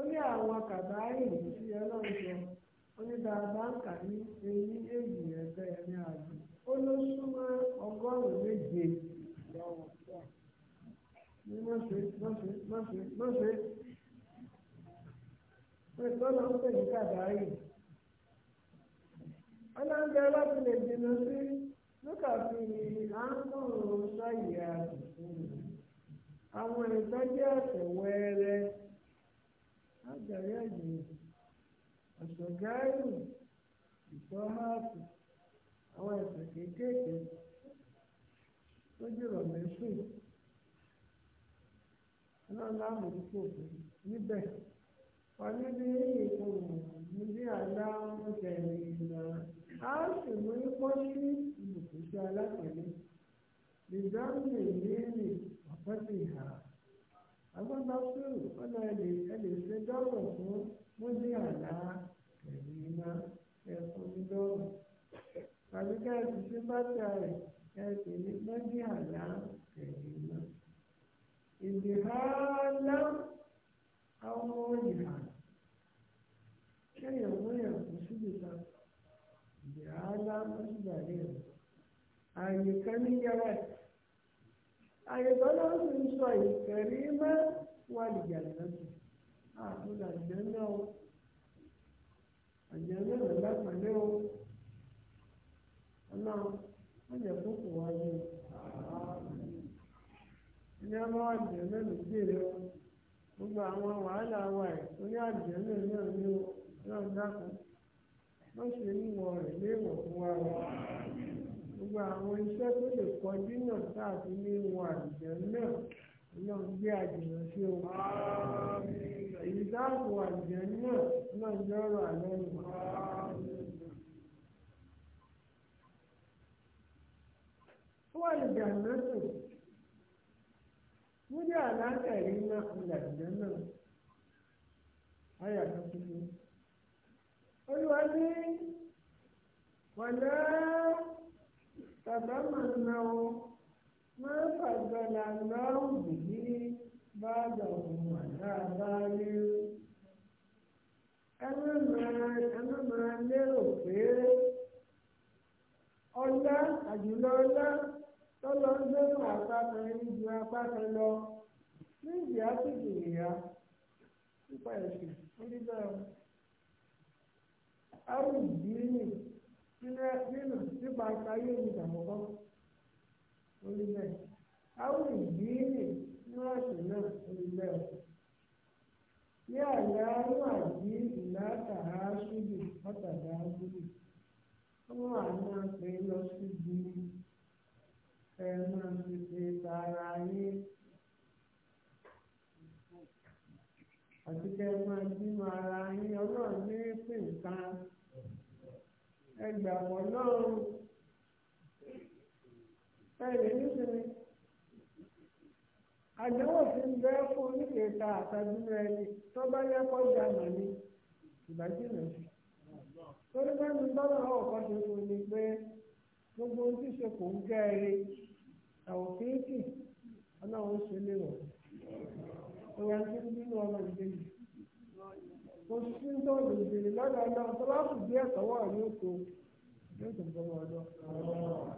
onye ní àwọn kàdáyé tí ọlọ́run sọ ó ní dáadáa ń kà ní eyín èyí ẹgbẹ́ ẹni àjò ó ló súnmọ́ ọgọ́rùn-ún méje lọ́wọ́ ní mọ̀ṣẹ́ mọ̀ṣẹ́ mọ̀ṣẹ́ mọ̀ṣẹ́ pé tọ́lá ń pè ájàrí ẹ̀jẹ̀ ọ̀ṣọ̀gáìrù ìtọ́máàtì àwọn ẹ̀sẹ̀ kéékèèké tó jùlọ mẹ́fì ọlọ́lá àmójútó níbẹ̀ wọ́n ní bí ìkọlù níbi àlá oúnjẹ ìrìnà á sì mú ipò sí ìbùkún sí alápẹ̀lẹ́ ìdáhùn ìlérí ọ̀pẹ́ ti hà á agbọ́dọ̀ sùúrù ọ̀nà ẹ̀lẹ́ ẹ̀lẹ́ ṣe dọ́rọ̀ fún mọ́sí àlá ẹ̀mí iná ẹ̀fọn ní dọ́rọ̀ tàbí ká ẹ̀sìn sí bàtà rẹ̀ ẹ̀sìn ní mọ́sí àlá ẹ̀mí iná. ìdìhálà àwọn òyìnbá kéèyàn múyàn kò síbi kan ìdìhálà mọ́sí àlẹ́ rẹ̀ àyè kan ní yàrá ẹ̀. àyèbọ́lá ó sì ń sọ ìkẹ̀rí mọ́ wọn ìjà lọ́sùn ah. ah, àbúrò àjẹ́ náà o àjẹ́ náà ló o ọlọ́run wọ́n jẹ́ kó kò wá ní a ah. ọmọ àjẹ́ náà jèrè o gbogbo àwọn wàhálà wa ẹ orí ya náà náà ní o ọlọ́run dákun ṣe léèwọ̀ fún wa o. gbogbo àwọn iṣẹ́ tó lè kọ dínà sáàtì ní ìwọ̀n àdìjẹ́ náà náà gbé àjìnà sí ohun èyí sáàtì wà náà náà lọ́rọ̀ àlọ́ nù. ó wà lè náà tó mú jẹ́ àlàáfẹ̀rí náà náà تتمنوا ما فضل الله به بعضهم على بعض ẹnu máa ẹnu máa lérò pé ọlá àjùlọ ọlá tọ́lọ́ ń dẹ́nu apá kan ní ju apá kan lọ ní ìdí àtìkù ìyá nípa ẹ̀sìn onígbà àrùn ìdí nìyí. nínú nípa ayé ìdàmọ́kọ́ olùbẹ̀ àwọn ìdíyìí nọ́ọ̀sì náà olùbẹ̀ ní àlẹ́ àwọn àjí ìlàkà áṣíbì ọ̀tàdà áṣíbì wọ́n wà máa pè é ẹ máa ṣe tara àti kẹ́ máa bímọ ara yín ọlọ́run ní pè nǹkan. ẹgbà wọn lọ́rùn ẹ̀rẹ̀ nísìnyí àdéhùn ti ń bẹ́ fún oníkèéta àtàdúró ẹni tó bá yẹ kọjá màní ìbájínà sí torí bẹ́ẹ̀ ni bọ́lá ọ̀kan ṣe fún mi pé gbogbo ohun tí ṣe kò ń gẹ́ ẹ̀rí àwòfíìkì ọlọ́run ṣe lérò ìwà tí ń bínú ọmọ ìdíje kò sí tó lè bèrè lọ́dọ̀ ọlọ́run tó bá kù díẹ̀ sọ́wọ́ ní oko yóò tó gbọ́ wọn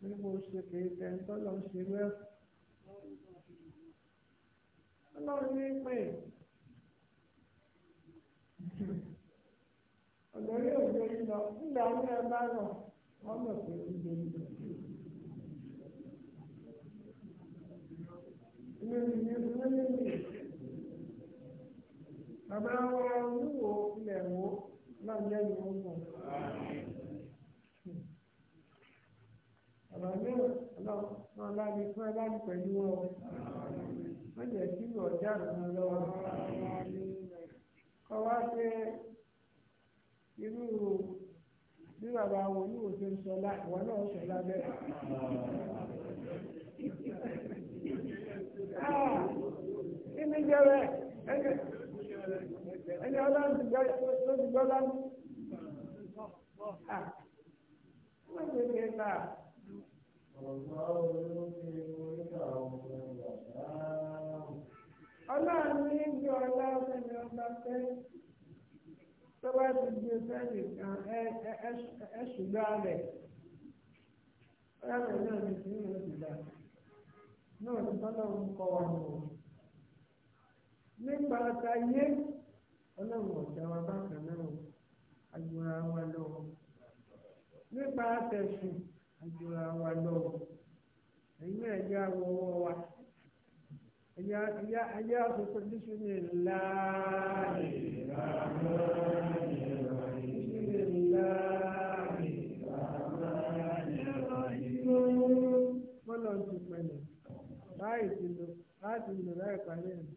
ní mo ṣe kìí tẹ́ ń tọ́lọ̀ ń ṣe rẹ́. ọlọ́run ní pè ọ̀dọ̀ yóò gbé yín lọ nígbà ní ẹ bá rọ̀ wọ́n mọ̀ pé ó gbé yín lọ. Ilé ìgbésí ló ní bàbá wọn oníwò ilẹ̀ wo náà lẹ́yìn ogun. ọ̀rọ̀ náà ọlọ́run aláàbí fún aláàbí pẹ̀lú wọn o wọ́n jẹ́ kí ọjà kan lọ́wọ́ kọ́ wá pé irú bí bàbá wọn oníwò ṣe ń sọlá ìwọ náà sọlá bẹ́ẹ̀. Ah, kí ni jẹ́ bẹ́ẹ̀? ẹni ọlọ́run ti gbọ́ ló ti gbọ́ lọ́nà. Ah, wọ́n ti gbé ta. E ọlọ́run ní ìjọ ọlọ́run ni ọba fẹ́ tó bá ti gbé e sẹ́yìn kan ẹ ṣùgbọ́n rẹ̀ ọlọ́run náà ní kí ló ti dà náà ní tọ́lọ́run kọ́ wa nù. nípa ta yé ọlọ́run ọ̀dà wa bákan náà àjùra wa lọ nípa àtẹ̀sùn àjùra wa lọ ẹ̀yin náà ẹ̀yà wọ́wọ́ wa ẹ̀yà ẹ̀yà ẹ̀yà àtúntò bísí ní ńlá bísí ní ńlá mọ́lọ́ọ̀tì pẹ̀lẹ́ báyìí ti lò láti lò láì parí ẹ̀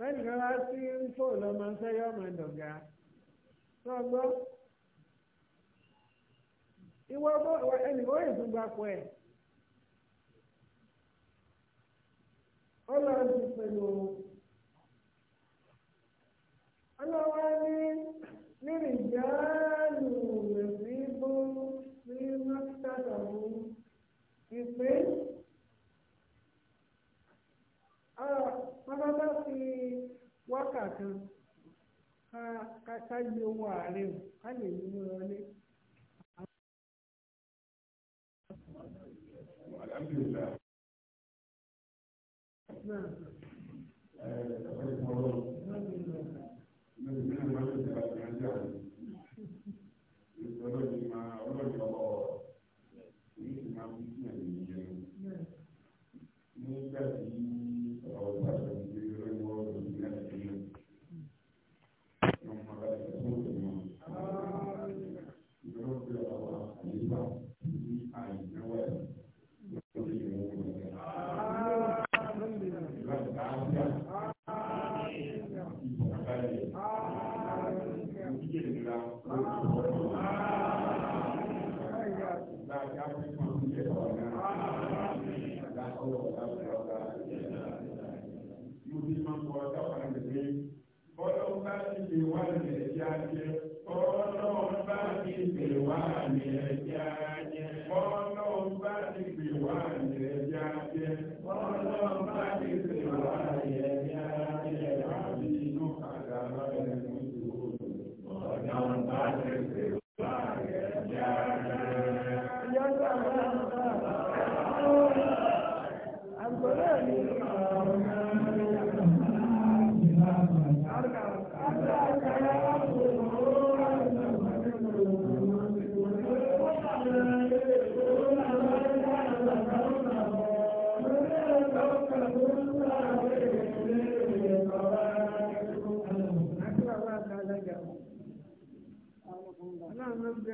lẹ́yìn kan wá sí ń fò lọ́mọ sẹ́yọ́ ọmọ ẹ̀dọ̀gá tó gbọ́ ìwọ bọ́ ẹnì kan yóò tún gba pọ̀ ẹ̀ ó lọ sí pẹ̀lú ọlọ́wọ́ ní nírì jáàlù rẹ̀sí bó ní mọ́tàdà fún ìpín. wọ́n bá bá fi wákà kan ká yí owó ààrẹ o ká lè mú un wọlé. ọlọ́run bá ní ìsìn wà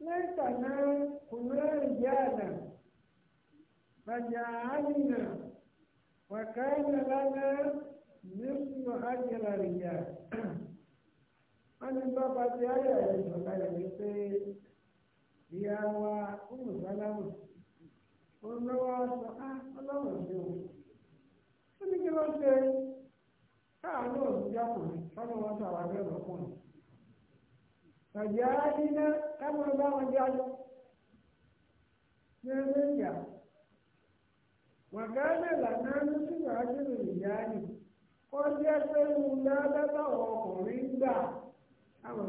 ليس لنا كنا رجالا فجعلنا وكان لنا نصف أجر الرجال wọ́n ní bàbá tí ayé ẹ̀rọ ìṣọ̀lá rẹ̀ wípé ìyá wa ọmọ sálámù òun lọ́wọ́ sọ á ọlọ́run ṣe o ó ní kí ló ṣe káàánú òṣìṣẹ́ ọkùnrin fọ́nà wọn sọ àwọn abẹ́rẹ́ ọkùnrin ọ̀jẹ̀ àdínà káwọn bá wọn jọ lọ ní ẹgbẹ́ ìyá wàgánà lànà lùsùnà àdínà ìyá ni kó jẹ́ pé ńlá lábàwọ̀ ọkùnrin gbà káwọn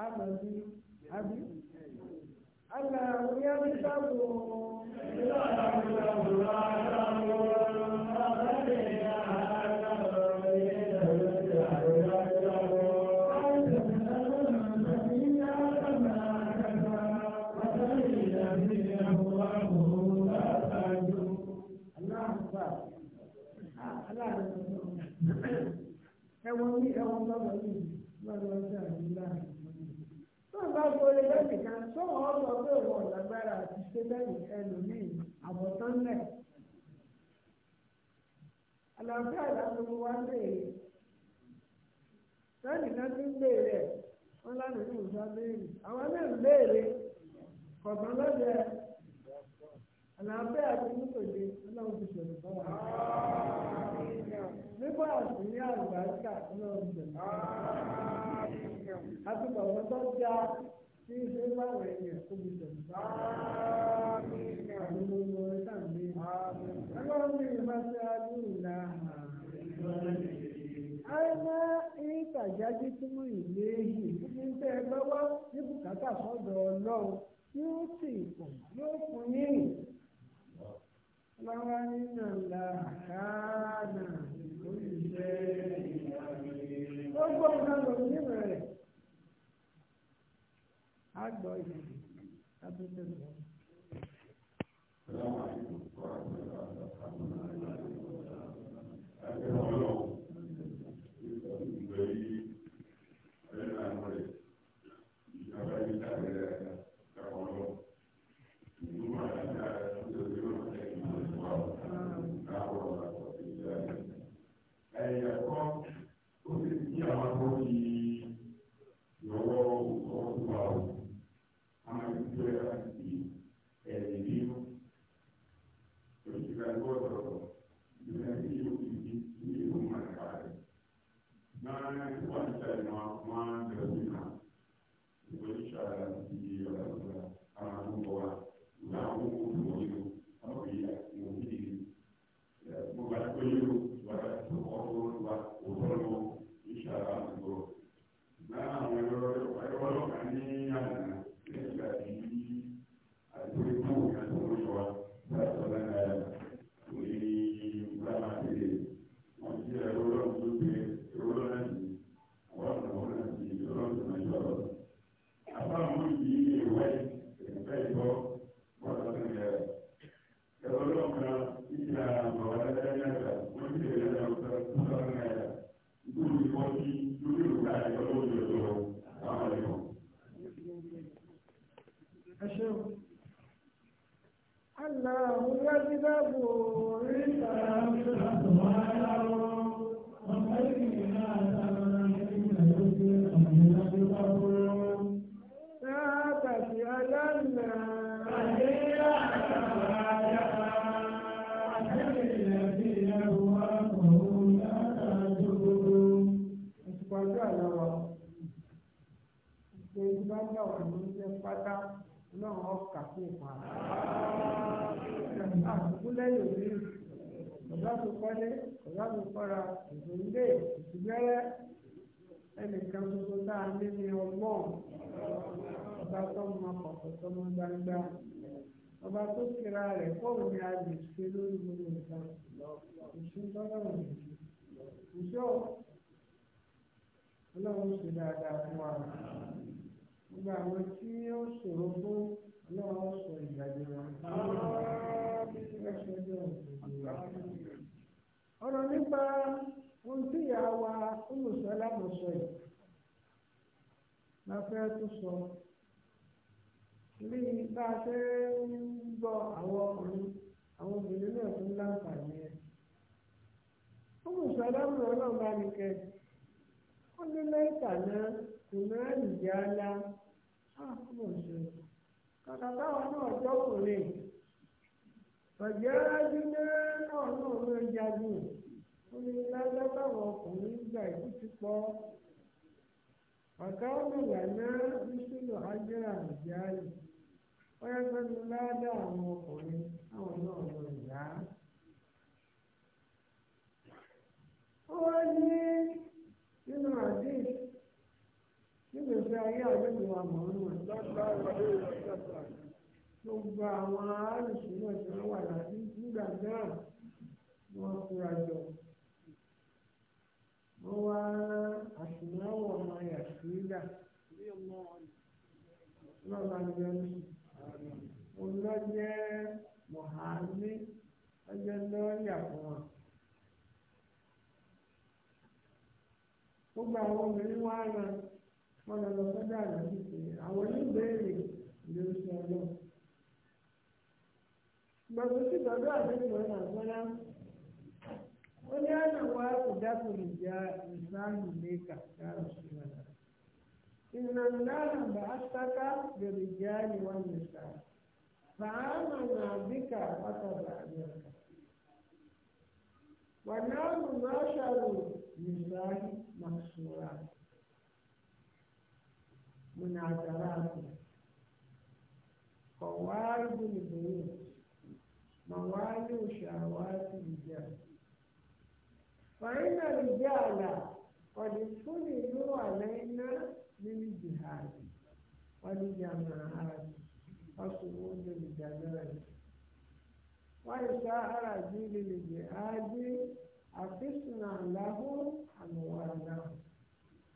àmọ̀bí àbí. Àlà òní àbíṣàbò. Ìlú àlà òní àbíṣàbò àbá lè yá àbá lè yá. ẹwọn ní ẹwọn bá wà ní ìlú lọ́dọ̀ ọjọ́ bá gbóore lẹ́yìn kan sọ́wọ́n wọn sọ pé òun ọ̀lágbára àti ṣe lẹ́yìn ẹlòmíì àbọ̀tán lẹ̀. àlàáfíà làbúrú wá léèrè lẹ́yìn kan tí ń béèrè wọn lánàá ní ìjọ béèrè àwọn náà ń béèrè kọ̀ọ̀kan lọ́jọ́ àlàáfíà ti ní tòde ọlọ́run ti ṣòro fún wa. nígbà tí ní àlùbáríkà ọlọ́run ti ṣòro fún wa àtúntò àwọn tó já tí ṣe báwọn ènìyàn tó fi tẹ̀lé báàmì àwọn ọmọ ẹ̀ka mi. ọlọ́run mi máa ṣe àdúrà àìmọ́ ìtàjáde tí mo ìlé yìí fún tẹ́ ẹ bá wá ní bùkátà sọ́dọ̀ ọlọ́run yóò sì pọ̀ yóò fún yín. Lára nínú làkàánà ló ń jẹ́ ìyá mi. Ó gbọ́dọ̀ lọ i á gbọ́ ìdíje lábẹ́ tẹ̀sán. náà ọkà fún ìpara. àkókò lẹ́yìn òní ọ̀gá tó kọ́lé ọ̀gá tó kọ́ra ìdòwúlé ìdìgbẹ́rẹ́ ẹnìkan tuntun tá a ní ní ọgbọ́n ọba tó mọ ọ̀pọ̀ tó mọ gbangba ọba tó kíra rẹ̀ fóònù ni a lè ṣe lórí gbogbo nǹkan ìṣúntọ́lọ́ òní ìṣó ọlọ́run ṣe dáadáa fún wa gbogbo àwọn tí ó ṣòro fún ọlọ́run sọ ìdájọ́ wọn. ọ̀rọ̀ nípa ohun tí ìyá wa olùsọ lámọ̀sọ yìí la fẹ́ tó sọ lẹ́yìn bá a fẹ́ ń gbọ́ àwọn ọkùnrin àwọn obìnrin náà tó ń láǹfààní ẹ̀. olùsọ lámọ̀ ọlọ́run bá nìkẹ́ ó ní lẹ́tà náà kò náà nìyá lá. Ah, àkùnmọ̀ táwọn náà jọkùnrin ọ̀jẹ́ ajúlé náà náà ló ń jagun orí lálẹ́ táwọn ọkùnrin gbà ìlú ti pọ̀ ọ̀gá ọ̀nàgbà náà bísílò ájẹ́rà àjálù wọ́n yẹ kí wọ́n ládà àwọn ọkùnrin táwọn náà lọ yá. ó wá ní nínú àdéhùn ìgbésẹ̀ ayé àgbẹ̀dùn àmọ́nù gbogbo àwọn aráàlùsí náà tí wọ́n wà láti nígbà náà wọ́n kóra jọ wọ́n wá àṣìláwọ̀ ọmọ yàtúndà lọ́la jẹun olùlọ́jẹ́ mọ̀hání ọjọ́ lọ́ọ̀yà fún wọn. gbogbo àwọn obìnrin wá ran wọn lọ lọ sọ́dọ̀ àlọjù pé àwọn oníbèrè ló ń sọ náà gbogbo sí gbọ́dọ̀ àdéhùn ọ̀nà àgbọ́lá ó ní àná wa kò dákun ìjà ìsáàmù lẹ́ka dára sí wa ìnà náà bá a sáká jẹ́ àníwá nìta fàámà náà bíkà wàtà bàánà wà náà nù náà ṣàrò nìta màṣúra. من عثرات قوارب البيوت موالي شهوات الرجال فإن الرجال قد سننوا علينا من الجهاد والجماعات وصمود الجمال وإشاعة جيل الجهاد أقسنا له أموالهم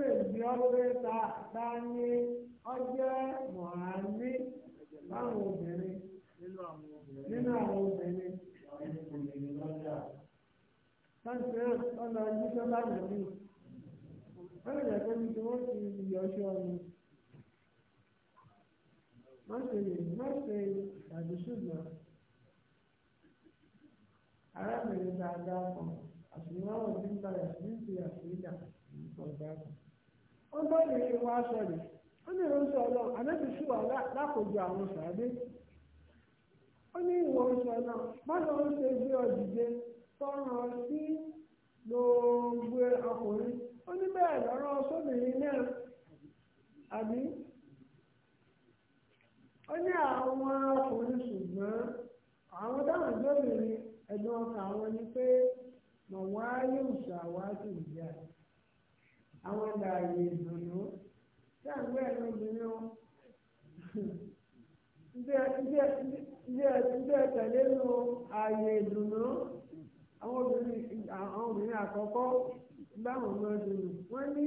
lè gbé ọlọ́dẹ ta ta ní ọjọ́ mọ̀hání báwọn obìnrin nínú àwọn obìnrin. sáńtì náà ọ̀nà ìgbésẹ̀ bá nà mí wọ́n lè jẹ́ pé mi tí wọ́n ti yọ ọṣọ mi. má ṣe lè má ṣe tàbí arábìnrin dáadáa kan àṣìwọ́n ọ̀dínbàyà ní ti àṣírí ìjà ọ̀gá kan. ó lóbìnrin wa aṣọ rẹ̀ ó ní ìránṣẹ́ ọlọ́run ànábì sí wà lákòójọ àwọn sàádé ó ní ìwọ oṣù ọ̀nà bọ́lá ó ṣe gbé ọ̀dìdẹ tọ́ràn sí gbogbo onye ó ní bẹ́ẹ̀ onye sóbìnrin náà àbí ó ní àwọn ọkùnrin ṣùgbọ́n àwọn táwọn ìjọbìnrin ẹ̀dùn ọkàn àwọn ni àwọn làyè ìdùnnú tí à ń gbé ẹ̀rọ obìnrin o ilé ẹ̀tẹ̀lé nu ààyè ìdùnnú àwọn obìnrin àkọ́kọ́ báwọn ọmọ ìdùnnú wọ́n ní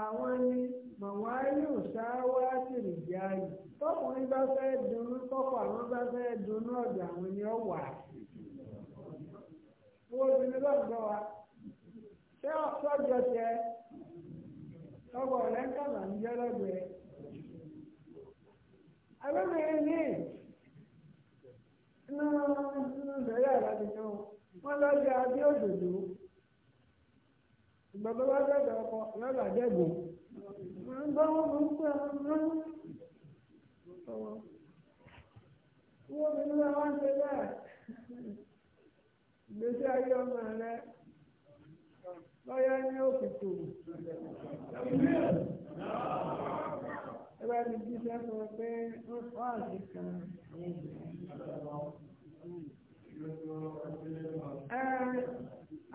àwọn ni màwáyé òṣàwá tìrìjì ààyè tọkùnrin bá fẹ́ dunnú tọkọ àwọn bá fẹ́ dunnú ọ̀dọ̀ àwọn ni ó wà owó obìnrin lọ́dọ̀ wa ṣé ọ̀ṣọ́jọ́ tẹ ọwọ́ rẹ̀ ń kàmà ń jẹ́ lọ́dọ̀ ẹ̀. Abẹ́bẹ̀rẹ̀ ní inú inú ìṣẹ̀lẹ̀ àlájú náà wọ́n lọ jẹ́ abí òdòdó. Ìgbà tó bá dẹ̀dọ̀ ọkọ lọ́dọ̀ àjẹ́gbò. lọ́yà ní òkìtò ẹgbẹ́ mi a sẹ́ sọ pé wọ́n fọ́ ọkụkọ. kan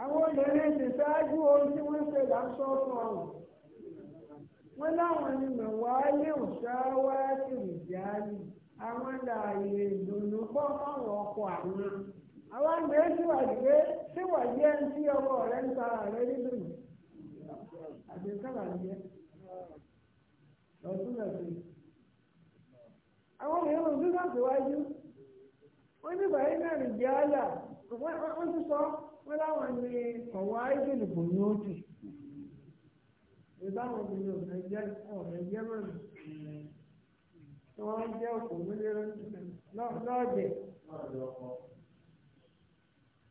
àwọn obìnrin ti ṣáájú ohun tí wọ́n ṣe là fún ọ wọ́n láwọn ni mẹ̀wá ilé àwọn ìdùnnú àwọn àgbẹ̀ síwájú pé síwájú ẹ̀ ń tí ọkọ rẹ̀ ń ta ààrẹ nínú àti sábà ń lọ́sùn lọ́sùn. àwọn èèyàn ọ̀dún náà síwájú wọ́n ní bàyí náà lè jẹ́ àyà wọ́n ti sọ wọ́n láwọn ní ọ̀wọ́ áìsìlì kò ní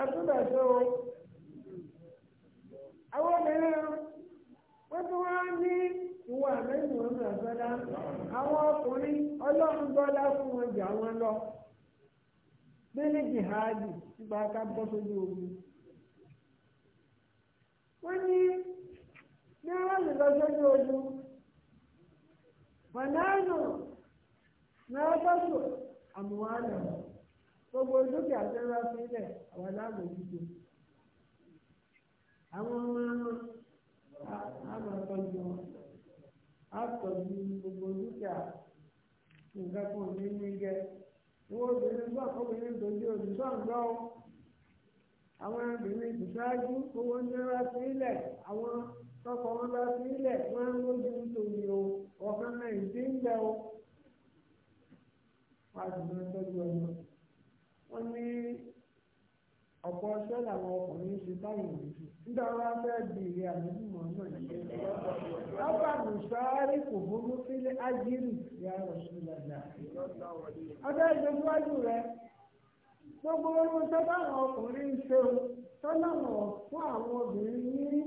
asuba tó o àwọn obìnrin wọ́n tún wá ní ìwọ àmẹ́yìn wọn náà sọ́dá àwọn ọkùnrin ọlọ́run gbọ́lá fún wọn jà wọn lọ bíní jihadi nípa ká bọ́ sójú omi wọ́n ní wọ́n lè lọ sójú náà gbogbo dúkìá tó ń wá sílẹ̀ àwọn aláàbòjútó àwọn ọmọ amọ̀tọ́jú àtọ̀jú gbogbo dúkìá nǹkan kan ní ní owó obìnrin bá obìnrin dojú olùsọ̀ ń àwọn obìnrin ìṣáájú owó àwọn tọkọ wọn bá wọn ń lójú nítorí o ọ̀kan náà ìdí ń o wàá dùn wọ́n ní ọ̀pọ̀ ọṣẹ́ làwọn ọkùnrin ṣe báyìí nìyí nígbà wọn fẹ́ di ìrẹ́ àdúgbò mọ́ náà nìyẹn lọ́pọ̀ àmùsọ́rí kò burú sílé ájírì ìyá rẹ̀ dada. ọjọ́ rẹ gbogbo ohun báwọn ọkùnrin ṣe tọ́lọ́wọ̀ fún àwọn obìnrin ní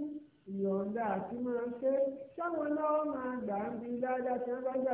ìyọ̀ǹda àti máa ṣe sáwọn náà máa gbà ń dáadáa tí wọ́n bá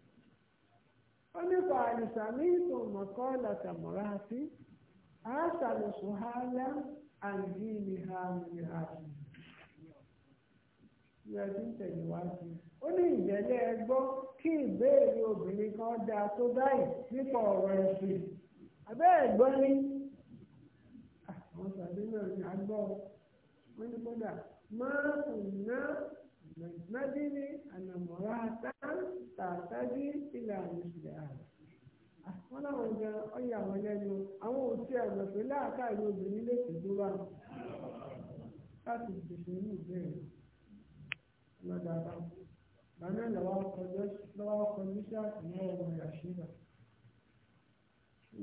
ó nípa àlìsàmì ìtàn mọ̀kọ́lá tàmọ̀rá sí àásàlùsù hálà àǹdí ni ha ni ha sí. Bí ọdún tẹ̀síwájú. Ó ní ìjẹ́lẹ̀ ẹgbọ́ kí ìbéèrè obìnrin kan dáa tó báyìí nípa ọ̀rọ̀ ẹ̀sìn. Abẹ́ ẹ̀gbọ́n ni ah, àwọn sàdé náà ní agbọ́. Wọ́n ní kódà máa ń ná mẹ̀tìmẹ́dínní ànàmọ́ra tààtàdí ìlà àmìṣẹ̀lẹ̀ ààrẹ. wọ́n láwọn gan ọyà wọn lẹ́nu àwọn òtí ẹ̀rọ pé láàkáàrí obìnrin lè tẹ̀jú wa láti gbèsè ní ìbéèrè lọ́dà bá. bàmí lọ́wọ́ kọjú sí àtìmọ́ ọmọ yàṣírà.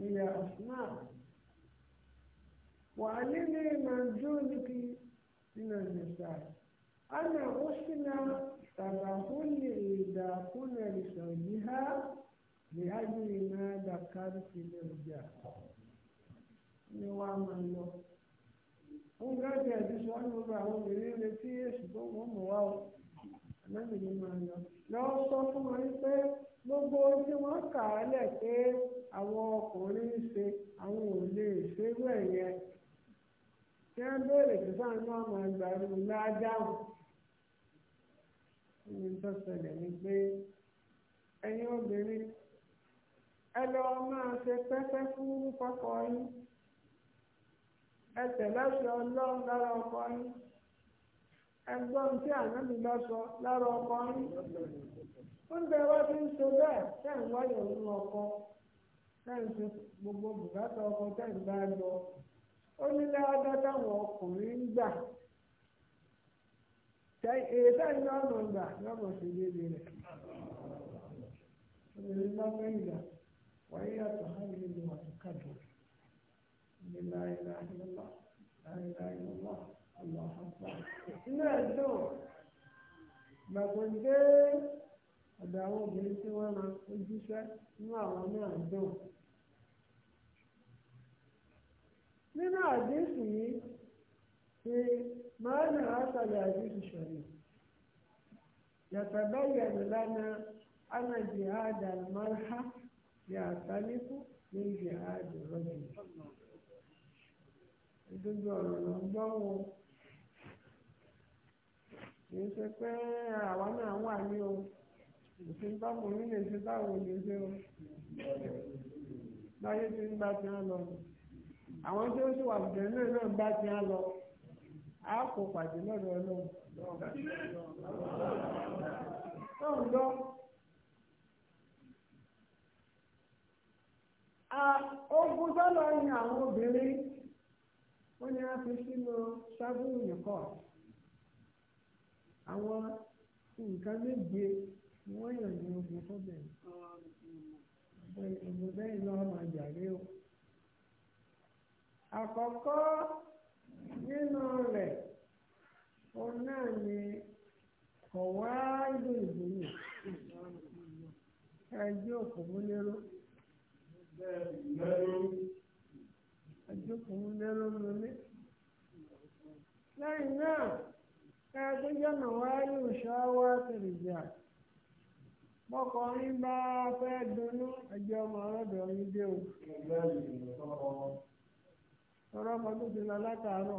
ìyá àṣìmá wàá nílé màá dúró níbi nínú ìgbésẹ̀ àti. أن حسن تدخل إذا كنا لزوجها لأجل ما ذكرت الرجال ni wàá máa lọ òun gáàdì àdìsọ wọn gbogbo àwọn na lè tí èsì tó wọn mọ wá o ànábìrin máa lọ na sọ fún wọn pé gbogbo tí wọ́n kà á pé àwọn ọkùnrin ṣe àwọn ò lè yẹn béèrè náà máa ní tó ṣẹlẹ̀ ni pé ẹ̀yin obìnrin ẹ lọ máa ṣe pẹ́pẹ́ fún kọ́kọ́ yín ẹ tẹ̀lé ọlọ́run lára ọkọ yín ẹ gbọ́ ohun sọ lára ọkọ yín oúnjẹ wa ti ń ṣe bẹ́ẹ̀ ń wáyọ̀ nínú ọkọ ń ṣe gbogbo bùkátà ọkọ tẹ̀ ń bá lọ ó èyíká iná ọ̀nà ìgbà yọ̀bọ̀ ndị lébi rẹ̀ obìnrin bá fẹ́ ìgbà wáyé yàtọ̀ hàn ní ìlú àtúkàdùn ní láìláì lọ́lá láìláì lọ́lá ọlọ́hàpá inú ndị dùn gbàgbọ́dé ọ̀dọ̀ àwọn obìnrin tí wọ́n في معنى هذا الحديث الشريف يتبين لنا أن جهاد المرأة يختلف من جهاد الرجل kì í ṣe pé àwa náà wà ní o lè ṣe ṣe o ń ti lọ àwọn tí ó sì wà náà náà ń ti lọ. á kó pàdé lọ́dọ̀ ọlọ́run lọ́run lọ. ogun sọ́lọ́ yin àwọn obìnrin a fi àwọn nǹkan méje ni yàn ní ogun tó bẹ̀rẹ̀ ogun bẹ́ẹ̀ ni wọ́n máa jà nínú rẹ̀ òun náà ni ọ̀wá ìlú ìbúlù ẹjọ́ òkùnmúlérò ẹjọ́ òkùnmúlérò múlé lẹ́yìn náà ẹgbẹ́ jọ̀nà wáyé òṣàwá tẹ̀lẹ̀jà bọ́kọrin bá fẹ́ dunnú ẹjọ́ ọmọ ọlọ́dọ̀ yín dé o. ọ̀rọ̀ ti lọ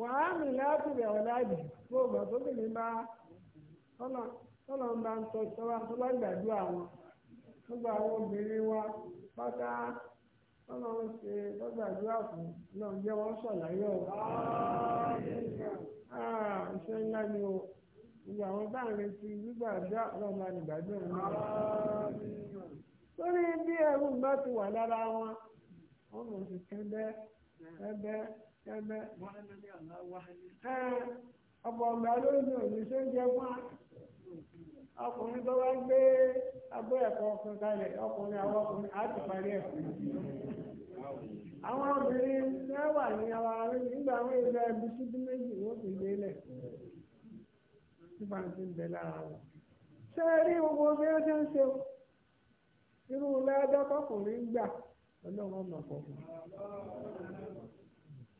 wàá mi látìrẹ̀ ọ̀làjì fún ọgbà tó sì ní bá tọ́lọ̀ ń bá ń tọ́ ìṣọ́wá tó bá gbàdúrà wọn gbogbo àwọn obìnrin wa pátá tọ́lọ̀ ń ṣe tọ́gbàdúrà bá ń retí ọlọ́mọ náà bí ẹrù bá ti ẹgbẹ́ ọ̀pọ̀ ọ̀gá lónìí òní ṣe ń jẹ ọkùnrin tó bá gbé abọ́ ẹ̀kọ́ ọkùnrin kalẹ̀ ọkùnrin àwọn ọkùnrin á parí ẹ̀ àwọn obìnrin mẹ́wàá ní àwọn arúgbó nígbà àwọn ìgbà ẹbí méjì wọ́n fi ń bẹ lára wọn. ṣé rí gbogbo bí ó ń ṣe irú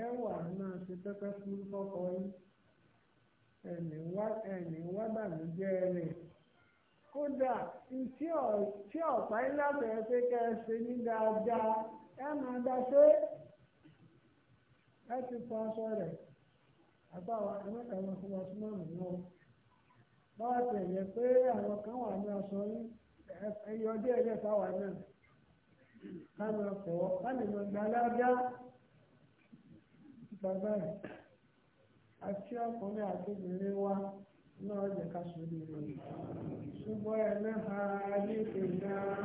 ẹwà náà ṣe pẹ́pẹ́ fún fọ́kọ yín ẹ̀mí wá bàmíjẹ́ rẹ̀ kódà tí ọ̀pá ẹ pé kẹ́ ẹ ṣe ní dáadáa ẹ máa dá ṣe ẹ ti fọ aṣọ rẹ̀ àbáwọ̀ ẹ̀mẹ́ta wọn fún wa náà báwa pé àwọn kan wà ní aṣọ yín díẹ̀ nípa báyìí àti ọkùnrin àti obìnrin wa náà jẹ́ ká